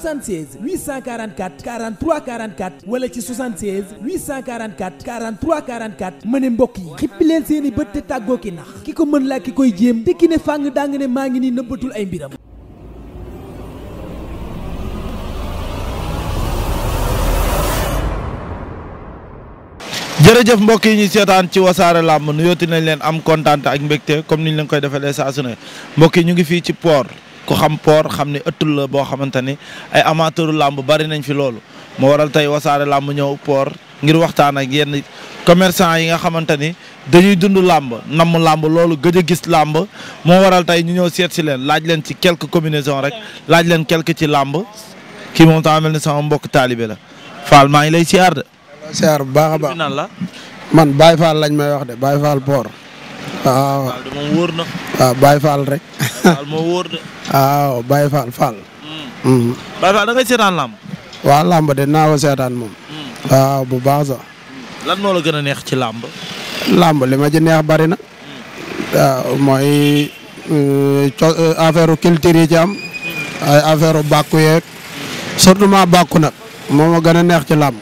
76 844 43 44 wala ci 76 844 43 44 ma ne mbokk yi xippi seeni bët te tàggoo ki nax ki ko mën laa koy jéem te ki ne fàng daa maa ngi nii nëbbatul ay mbiram. jërëjëf mbokk ñu seetaan ci wasaare làmb nuyooti nañ leen am kontaan ak mbégte comme niñ leen koy defalee saa su ne mbokk yi ñu ngi fii ci port. ku xam port xam ne ëttul la boo xamante ni ay amateuru làmb bari nañ fi loolu moo waral tey wasaare làmb ñëw port ngir waxtaan ak yenn commerçant yi nga xamante ni dañuy dund làmb namm làmb loolu gëj a gis làmb moo waral tey ñu ñëw seet si leen laaj leen ci quelques combinaisons rek laaj leen quelques ci làmb kii moom tam mel ni sama mbokk taalibe la Fall maa ngi lay siyaar de. siyaar bu baax a baax la man Baye lañ may wax de Baye Fall moom wóor na. Ah, waaw Baye Fall rek. waaw ah, Baye Fall Fall. Hmm. Hmm. Baye Fall da ngay seetaan làmb. waaw làmb de naa seetaan moom. Hmm. waaw bu baax sax. moo la gën a neex ci làmb. làmb li ma neex bari na. waaw mooy euh, euh, affaire culture yi ci am. ay affaire bàkku yeeg. surtout ma bàkku nag moom a gën a neex ci làmb.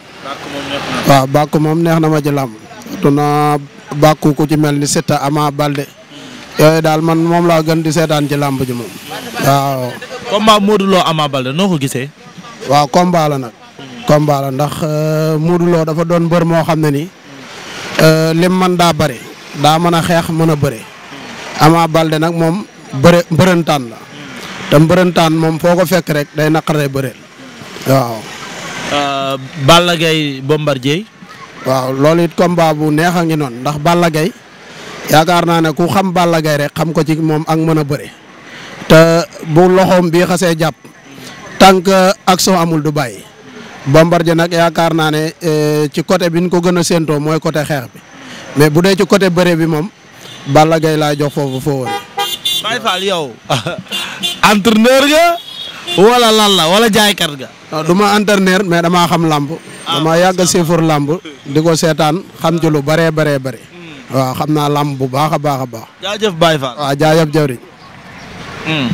waaw bàkku moom neex na ma ci làmb. surtout naa bàkku ku ci mel ni Siteu Ama Balde. yooyu daal man moom laa gën di seetaan ci làmb ji moom waaw. combat Modou Lo Ama noo ko gisee. waaw combat la nag. combat la ndax euh, Modou Lo dafa doon mbër moo xam ne ni euh, lim man daa bëri daa mën a xeex mën a bëre Ama Baldé nag moom bëre mbërëntaan la te mbërëntaan moom foo ko fekk rek day naqaree bëreel waaw. Euh, Balla Gaye Bombardier. waaw loolu it combat bu neex a ngi noonu ndax Balla Gaye yaakaar naa ne ku xam Balla Gaye rek xam ko ci moom ak mën a bëre te bu loxoom bii xasee jàpp tànk action amul du bàyyi Bombardier nag yaakaar naa ne eh, ci côté bi ñu ko gën a séentoo mooy côté xeex bi mais bu dee ci côté bëre bi moom Balla gay laa jox foofu foo woon. Baye Fall yow entraîneur nga wala la wala jaaykat nga. non du mais damaa xam làmb. Ah, damaa yàgg a siifur làmb di ko seetaan xam ci lu bëree bëree bëri. waaw xam naa làmb bu baax a baax a baax. jaajëf Baye Fall. waaw jaajëf jawriñ. Hmm.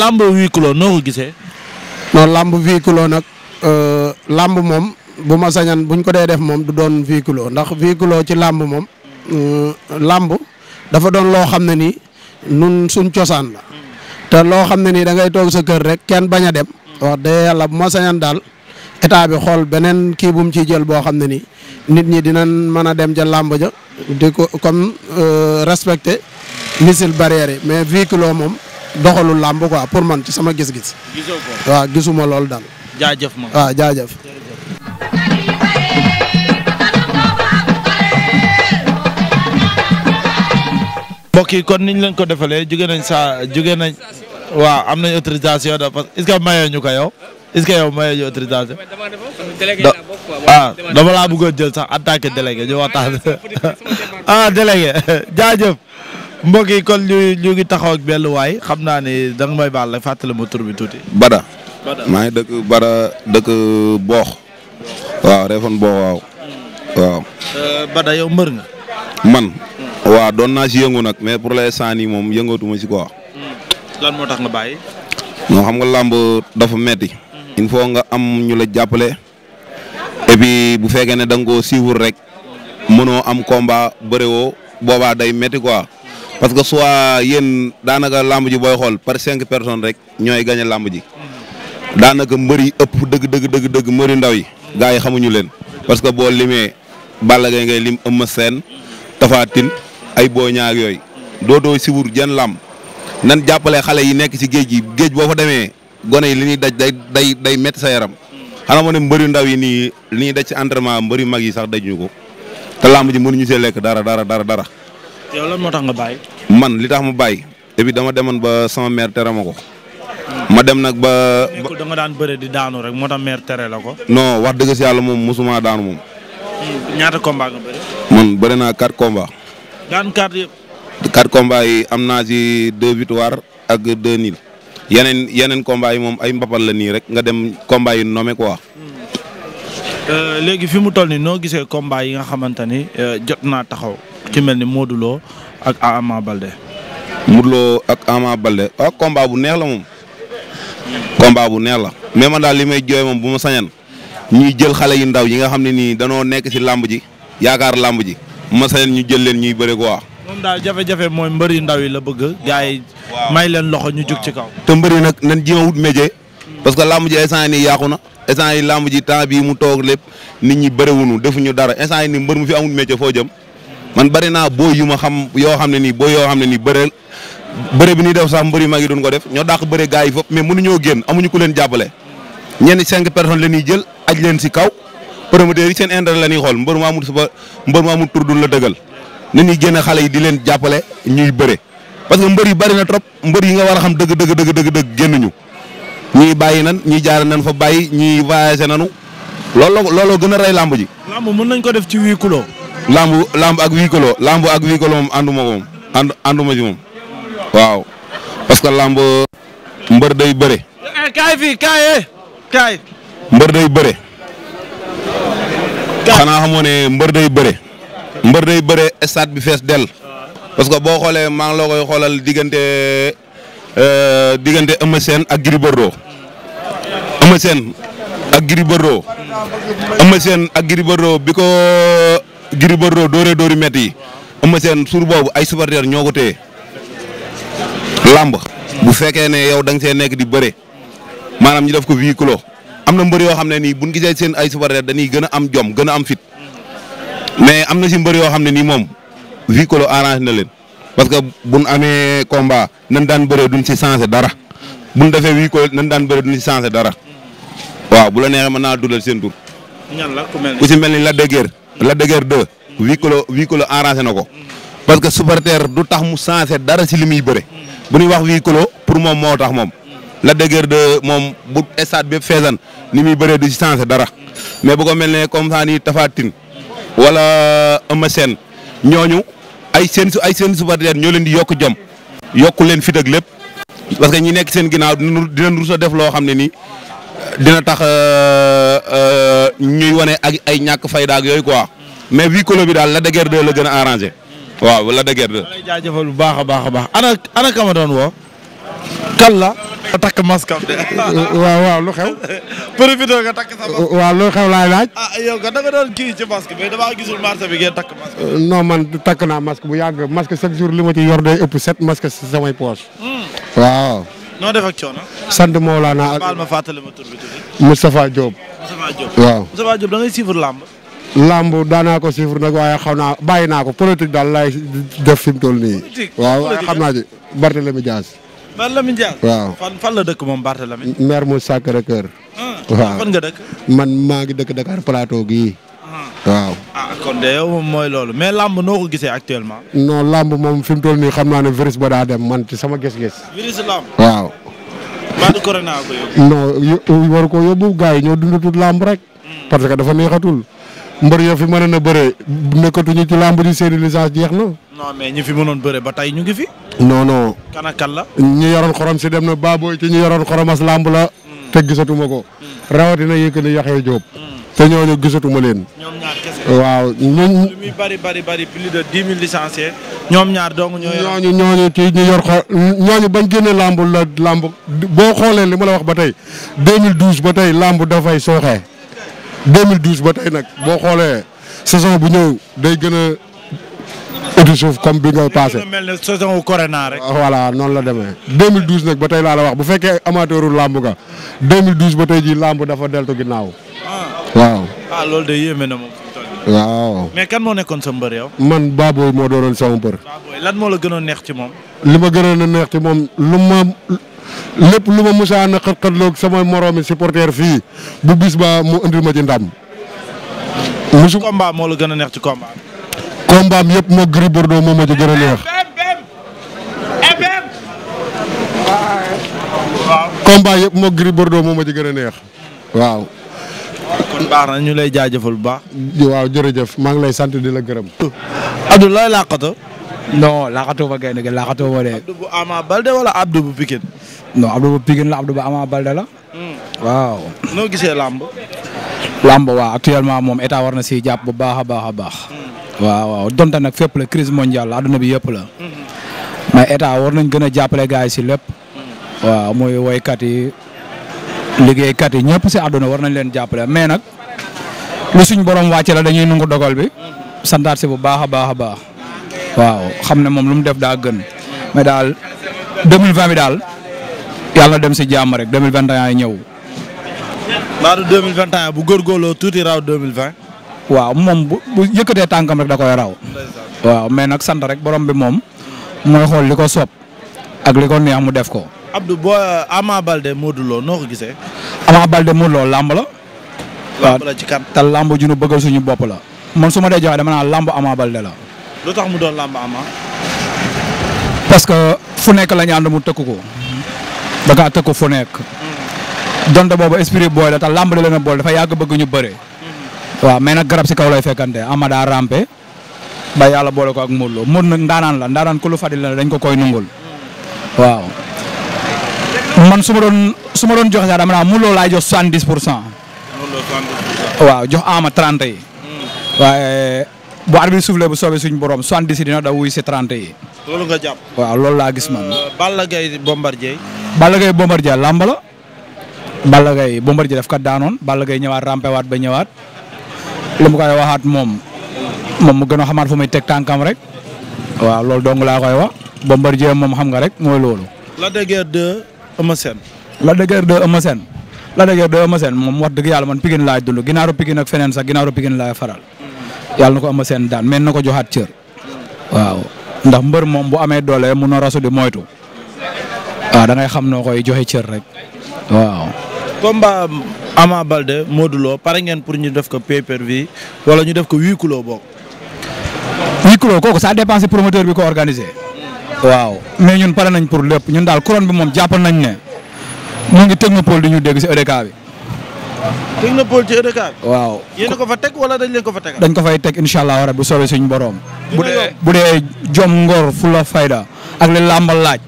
làmb huit kilos noo ko gisee. non làmb huit kilos nag euh, làmb moom bu ma sañan buñ ko dee def moom du doon huit kilos ndax huit kilos ci làmb moom. Euh, làmb dafa doon loo xam ne nii nun suñ cosaan la. te loo xam ne nii da ngay toog sa kër rek kenn bañ a dem. wax dëgg yàlla bu ma sañan daal état bi xool beneen kii bu mu ciy jël boo xam ne nii nit ñi dina mën a dem ja làmb ja. di ko comme euh, respecte missile barrière mais véhicule moom doxalul làmb quoi pour man ci sama gis-gis. gisoo gisuma lool daal. jaajëf ma waaw jaajëf. yi kon niñ leen ko defalee jóge nañ saa jóge nañ waaw am nañ autorisation da parce que est-ce que mayoo ñu que yow mayoo ñu autorisation. Ah, ah, dama laa bëggoon jël sax en tant que délégué ñu waxtaan ah jaajëf mbokk kon ñu ñu ngi taxaw benn waay xam naa ne danga may baal la fàttali ma tur tuuti. Bada. Bada maa ngi dëkk Bada dëkk Boox. waaw Réfane Boox waaw. waaw. Euh, Bada yow mbër nga. man. waa doon naa si yëngu nag mais pour l'instant nii moom yëngatuma si quoi. Hmm. lan moo tax nga bàyyi. xam nga làmb dafa metti hmm. il faut nga am ñu la jàppale. et bu fekkee ne da nga koo suivre rek mënoo am combat bëriwoo boobaa day métti quoi parce que soit yéen daanaka lamb ji booy xool par cinq personnes rek ñooy gagné lamb ji daanaka mbër yi ëpp dëgg dëgg dëgg dëgg mbëri ndaw yi gars yi xamuñu leen parce que boo limee Balla Gaye ngay lim Eumeu Sène Tapha Tine ay Boy Niang yooyu dootoo suivre jenn lamb nan jàppale xale yi nekk ci géej gi géej boo fa demee gone yi li ñuy daj day day day métti sa yaram. xanaa moo ne mbëri ndaw yi nii li ñuy daj ci entraînement mbëri mag yi sax dajuñu ko te làmb ji mënuñu see lekk dara dara dara dara. yow lan moo tax nga baay man li tax ma bàyyi. et dama demoon ba sama mère tere ma ko. ma dem nag ba. da nga daan bëre di daanu rek moo tax mère tere la ko. non wax dëgg si yàlla moom mosuma daanu moom. ñaata combat nga bëri. man bëri naa quatre combats. daan quatre yëpp. am naa ci deux victoires ak deux nuls. yeneen yeneen combat yi moom ay mbapat la nii rek nga dem combat yi nommé quoi. Euh, léegi fi mu toll nii noo gisee combat yi nga xamante ni euh, jot naa taxaw. ci mel ni Modou ak Ama Balde. Modou ak Ama Balde ah combat bu neex la moom. combat bu neex la mais man daal li may jooy moom bu ma sañan ñuy jël xale yu ndaw yi nga xam ne nii danoo nekk si làmb ji yaakaar làmb ji ma sañan ñu jël leen ñuy bëre quoi. moom daal jafe-jafe mooy mbër yu ndaw yi la bëgg. gaa yi may leen loxo ñu jug ci kaw. te mbër yi nag nañ jéem a wut métier. parce que làmb ji instant yi nii yàqu na. instant yi làmb ji temps mu toog lépp nit ñi bëriwunu ñu dara instant yi nii mbër mu fi amul métier foo jëm. man bëri naa boo yu ma xam yoo xam ne nii boo yoo xam ne nii bëreel bëre bi ñuy def sax mbër yu mag yi duñ ko def ñoo dàq bëre gaa yi fop mais mënuñoo génn amuñu ku leen jàppale. ñenn cinq personnes la ñuy jël aj leen si kaw promoteurs yi seen intérêt la ñuy xool mbër mu amul suba mbër mu amul tur la dëggal na ñuy génne xale yi di leen jàppale ñuy bëre parce que mbër yi bëri na trop mbër yi nga war a xam dëgg dëgg dëgg dëgg dëgg génnuñu ñii bàyyi nan ñuy jaare nan fa bàyyi ñii voyagé nanu looloo looloo gën a rey làmb ji. làmb mën nañ ko def ci huis clos. làmb làmb ak huis clos ak huis clos moom ànduma moom ànd ànduma ji moom waaw parce que làmb mbër day bëre. Eh, kaay fii kaay eh. kaay. mbër day bëre. xanaa xamoo ne mbër day bëre. mbër day bëre stade bi fees dell parce que boo xoolee maa ngi la koy xoolal diggante euh, diggante Eumeu Sène ak Gris Bordeaux Eumeu Sène ak Gris Bordeaux Eumeu Sène ak Gris Bordeaux bi ko Gris Bordeaux dóoree dóori métti yi Eumeu Sène suur boobu ay supporters ñoo ko téye làmb bu fekkee ne yow da nga see nekk di bëre maanaam ñu def ko huis clos am na mbër yoo xam ne nii buñ gisee seen ay supporters dañuy gën am jom gën am fit mais am na si mbër yoo xam ne nii moom vie que arrange na leen parce que buñ amee combat nan daan bëree duñ si sensé dara buñ defee vie que nan daan bëree du si sensé dara waaw bu la neexee mën naa dulal seen tur. ñan la ku si mel ni la de Guiers. Lac de Guiers 2. vie arrangé na ko. parce que supporter du tax mu sensé dara si li muy bëre. bu ñuy wax vie que pour moom moo tax moom. la Lac de moom bu stade bépp feesan ni muy bëree du si sensé dara mais bu ko mel ne comme ça wala Eumeu Sène ñooñu ay seen su ay seen supporters ñoo leen di yokk jom yokku leen fit ak lépp parce que ñi nekk seen ginnaaw dinañ rus a def loo xam ne nii dina tax euh, euh, ñuy wane ak ay ñàkk fay daag yooyu quoi mais huis clos bi daal Lac de la gën a arrangé waaw Lac de Guiers 2. jaajëfal bu baax a baax a baax ana ana kama doon woo. kan la. nga takk masque am de. waaw waaw lu xew. profité nga takk sa masque. waaw lu xew laay laaj. ah yow nga da nga doon kii ci masque mais damaa gisul marché bi ngeen takk masque. Euh, non man takk naa masque bu yàgg masque chaque jour li ma ci yor day ëpp set masque si samay poche. Hmm. waaw. noo def ak coono. sant Mawlana ak baal ma fàttali ma tur bi tuuti. Moustapha Diop. Moustapha Diop waaw. Moustapha Diop da ngay suivre làmb. Lamb daanaa ko suivre nag waaye xaw naa bàyyi naa ko politique daal laay def fi mu toll nii. waaw waaye xam naa ci Barthélémy Dias. Mbaye Lamine waaw fan fan la dëkk moom Barthélémy. maire mu Sacré-Cœur. Ah, waaw fan nga dëkk. man maa ngi dëkk Dakar Plateau gii. Ah. waaw. ah kon loolu mais lamb noo ko gisee actuellement. non lamb moom fi mu toll nii xam naa ne virus ba daa dem man ci sama gis-gis. virus waaw. baatu corona ko yóbbu. non yi ñoo dundatul lamb rek. Hmm. parce que dafa neexatul. mbër yoo fi mënoon a bëree nekkatuñu ci làmb ji seeni licence jeex na. non ñi fi mënoon bëree ba tey ñu ngi fi. non non. la. ñu yoroon xorom si dem na baabooy ci ñu yoroon xorom as làmb la. Hmm. te gisatuma ko. Hmm. rawatina Yékini Yaxya Jóob. Hmm. te ñooñu gisatuma leen. ñoom bari bari bari plus ñoom ñaar dong ñoo ñooñu ñooñu ci ñu yor xo ñooñu bañ génne làmb la làmb boo xoolee li ma la wax ba tey 2012 ba tey làmb dafay sooxee. 2012 ba tey nag boo xoolee saison bu ñëw day gën a uti suuf comme bi nga passé. mel ne saison wu corona rek. Ah, noonu la demee 2012 nag ba tey laa la wax bu fekkee amateuru làmb ga 2012 ba tey jii làmb dafa deltu ginnaaw. Ah. waaw. Ah, loolu de yéeme na moom. waaw. moo nekkoon sa mbër man Baboy moo doonoon sama mbër. la gënoon neex ci li ma gënoon a neex ci moom lu ma lépp lu ma musaan a xat-xatloog sama moroomi supporter fii bu bis ba mu indil ma ci ndam. musu moo la gën a neex ci combat. combat am moo Gris Bordeaux moom moo ci gën a neex. waaw yëpp moo Gris Bordeaux moom ci gën a neex waaw. kon baax na ñu lay jaajëfal bu baax. waaw jërëjëf maa ngi lay sant di la gërëm. Abdou looy laqatu. non laqatu ma gaynde gi laqatu de. Abdou bu Ama Balde wala Abdou bu Pikine. non Abdou Ba Pikine la Abdou Ba Ama Balde hmm. waaw. noo gisee làmb. làmb waa actuellement moom état war na siy jàpp bu baax a baax a baax. Hmm. waaw waaw donte nag fépp la crise mondiale la adduna bi yëpp la. Hmm. mais état war nañ gën a jàppale gars si lépp. waaw muy woykat yi liggéeykat yi ñëpp si àdduna war nañ leen jàppale mais nag lu suñ borom wàcce la dañuy nungu dogal bi santaat si bu baax a baax a baax waaw xam ne moom lu mu def daa gën mais daal yàlla dem si jàmm rek 2021 ñëw. Maodo 2021 bu góorgóorloo tuuti raw 2020. waaw moom bu bu yëkkatee tànkam rek da koy raw. waaw mais nag sant rek borom bi moom. mooy xool li ko soob. ak li ko neex mu def ko. Abdou boo Ama Balde Modou Lo noo ko gisee. Balde Modou Lo la. làmb la ci kan te ju ñu bëggal suñu bopp la. man su ma dee joxe dama naa làmb Ama Balde la. lu tax mu doo làmb Ama. parce que fu nekk la ñu ànd mu tëkk ko. da kaa tëkku fu nekk. donte boobu esprit booy la te làmb la leen a boole dafa yàgg bëgg ñu bëre. waaw mais nag garab si kaw lay fekkante Amada rampe ba yàlla boole ko ak Modou Lo Modou nag la ndaanaan ku lu fadil la dañ ko koy nungul waaw man su ma doon su ma doon jox sax dama laay jox soixante dix pour cent. waaw jox ama 30 yi. waaye bu arbitre soufflé bu soobee suñu borom soixante dix dina da wuy si 30 yi. loolu nga jàpp. waaw loolu laa gis man. Euh, Balla Gaye Bombardier Balla Gaye Bombardier làmb la Balla Gaye Bombardier def ka daanoon Balla Gaye ñëwaat waat ba ñëwaat lu mu koy waxaat moom moom mu gën a xamaat fu muy teg tànkam rek waaw loolu dong laa koy wax Bombardier moom xam nga rek mooy loolu. la de Guiers 2 Eumeu Sène. Lac de Guiers 2 Eumeu Sène. Lac de Guiers 2 Eumeu Sène moom wax dëgg yàlla man Pikine laay dund ginnaaru Pikine ak feneen sax ginnaaru Pikine laay faral yàlla na ko Eumeu Sène daan mën na ko joxaat cër waaw ndax mbër moom bu amee doole mu na rasu waaw da xam noo koy joxe cër rek waaw. combat Ama Balde Modou pare ngeen pour ñu def ko pay per wala ñu def ko huis clos boog. huis clos kooku ça dépend si promoteur bi ko organisé. waaw mais ñun pare nañ pour lépp ñun daal couronne bi moom jàpp nañ ne mun ngi technopole di ñu dégg si EDK bi. technopole ci EDK bi. waaw yéen ko fa teg wala dañ leen ko fa teg. dañ ko fay teg incha allah rabbi bu soobee suñu borom. bu bu dee jom ngor fula fayda ak li làmbal laaj.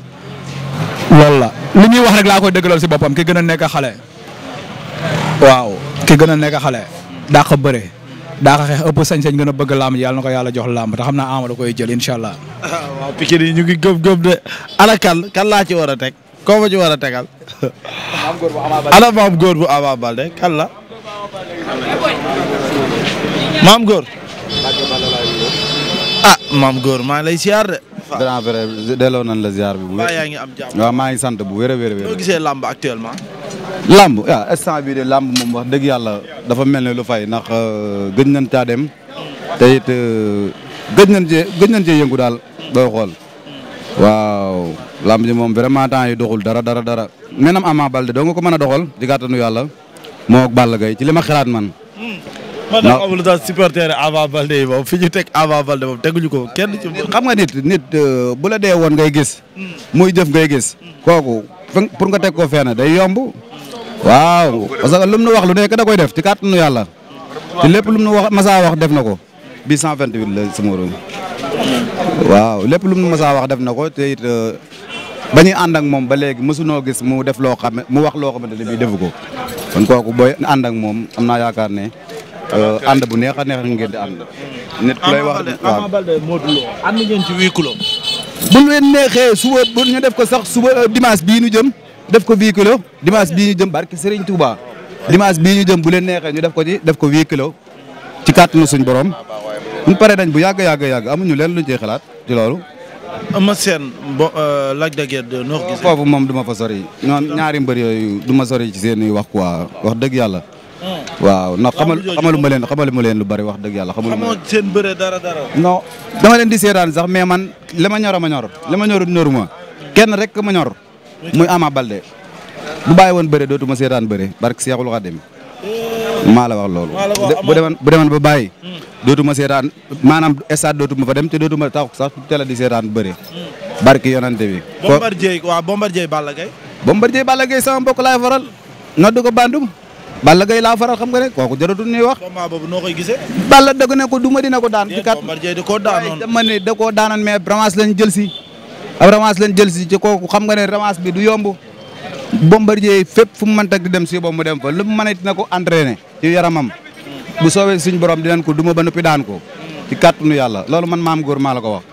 loolu lu li ñuy wax rek laa koy dëggalal si boppam ki gën a nekk xale. waaw ki gën a nekk xale. daa ko bëre. daa ko xeex ëpp sañ-sañ gën a bëgg làmb yàlla na ko yàlla jox làmb xam naa Ama da koy jël incha allah. waaw Pikine yi ñu ngi gëm gëm de ana kan kan laa ci war a teg koo ma ci war a tegal. ana maam góor bu Ama Baldé kan la. maam góor. ah góor maa lay siyaar de. grand frère delloo nañ la ziar bi. bu yaa ngi am jàmm waaw maa ngi sant bu wér a wér a wér. noo gisee làmb làmb waaw ah, instant de làmb moom wax dëgg yàlla dafa mel ne lu fay ndax euh, gëj nañ caa dem te it euh, gëj nañ cee gëj nañ cee yëngu daal booy xool. waaw làmb ji moom vraiment temps yi doxul dara dara dara menam Ama Baldé doo nga ko mën a doxal di yàlla moo ak Balla ci li ma xalaat man. Hmm. man daa amul daal supporter Ama Baldé yi ñu teg Ama Baldé moom teguñu ko kenn xam nga nit nit euh, bu la dee woon ngay gis. Hmm. muy jëf ngay gis. Hmm. kooku pour nga teg ko fenn day yomb. waaw parce que lu nu wax lu nekk da koy def ci kàttanu yàlla. te lépp lu nu wax Massa wax def na ko. bi 128 la sama room. waaw lépp lu mu Massa wax def na ko te it euh, ba ñuy ànd ak moom ba léegi mosunoo gis mu def loo xam mu wax loo xamante ne bii defu ko kon kooku booy ànd ak moom am naa yaakaar ne. Euh, ànd bu neex a neex ngeen di ànd. nit ku wax waaw Ama Baldé Modou Lo ànd ngeen bu leen neexee suba bu ñu def ko sax suba euh, dimanche bii nu jëm def ko huis clos dimanche bii ñu jëm barke Serigne Touba dimanche bii ñu jëm bu leen neexee ñu def ko ci def ko huis clos ci kàttanu suñ borom buñ paree dañ bu yàgg yàgg yàgg amuñu leen luñ cee xalaat ci loolu. ama seen bo euh, laaj da ngeen noo gisee. foofu moom du ma fa sori. ñoom ñaari mbër yooyu du ma sori ci seen wax quoi wax dëgg yàlla. waaw ndax xamal xamaluma leen xamaluma leen lu bari wax dëgg yàlla xamaluma leen seen bëre dara dara non dama leen di seetaan sax mais man li ma ñor a ma ñor li ma ñoruma kenn rek ma ñor muy Ama Baldé bu bàyyi woon bëre dootuma seetaan bëre barke Seexul Xadim maa la wax loolu bu demoon bu demoon ba bàyyi hmm. dootuma seetaan maanaam stade dootuma fa dem te dootuma tax sax teel di seetaan bëre hmm. barke yonante bi Bombardier waaw Bombardier Balla Gaye sama mbokk laay faral noddu ko bandum Balla gay laa faral xam nga ne kooku jaratul ñuy wax. combat boobu noo Balla dëgg ne ko duma dina ko daan. ci kat da koo daanoon dama ne da koo daanoon mais revanche lañ jël si. ab si ci kooku xam nga ne revanche bi du yomb. Bombardier fépp fu mu mënta di dem si boobu mu dem fa lu mu mën dina ko entraîné ci yaramam. bu soobee suñ borom dinañ ko duma ba noppi daan ko. ci kàttanu yàlla loolu man maam góor maa la ko wax.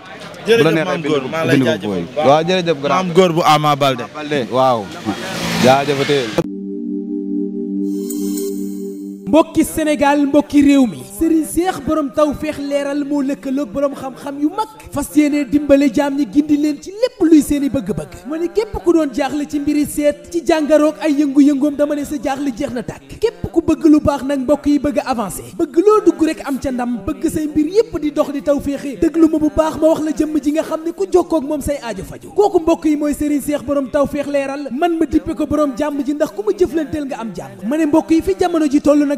jërëjëf maam góor maa lay jaajëfal bu baax bu la neexee mbokki Sénégal mbokki réew mi sëriñ seex borom tawféex leeral moo lëkkaloog borom xam-xam yu mag fas yéene dimbale jaam ñi gindi leen ci lépp luy seeni bëgg-bëgg ma ne képp ku doon jaaxle ci mbiri seet ci jàngaroog ay yëngu-yëngoom dama ne sa jaaxle jeex na tàkk képp ku bëgg lu baax nag mbokk yi bëgg a avancé bëgg loo dugg rek am ca ndam bëgg say mbir yépp di dox di tawféexe déglu ma bu baax ma wax la jëmm ji nga xam ne ku jokkoo ak moom say aajo faju kooku mbokk yi mooy sëriñ seex borom tawféex leeral man ma dippe ko borom jàmm ji ndax ku ma jëflanteel nga am mbokk yi fi jamono ji tollu nag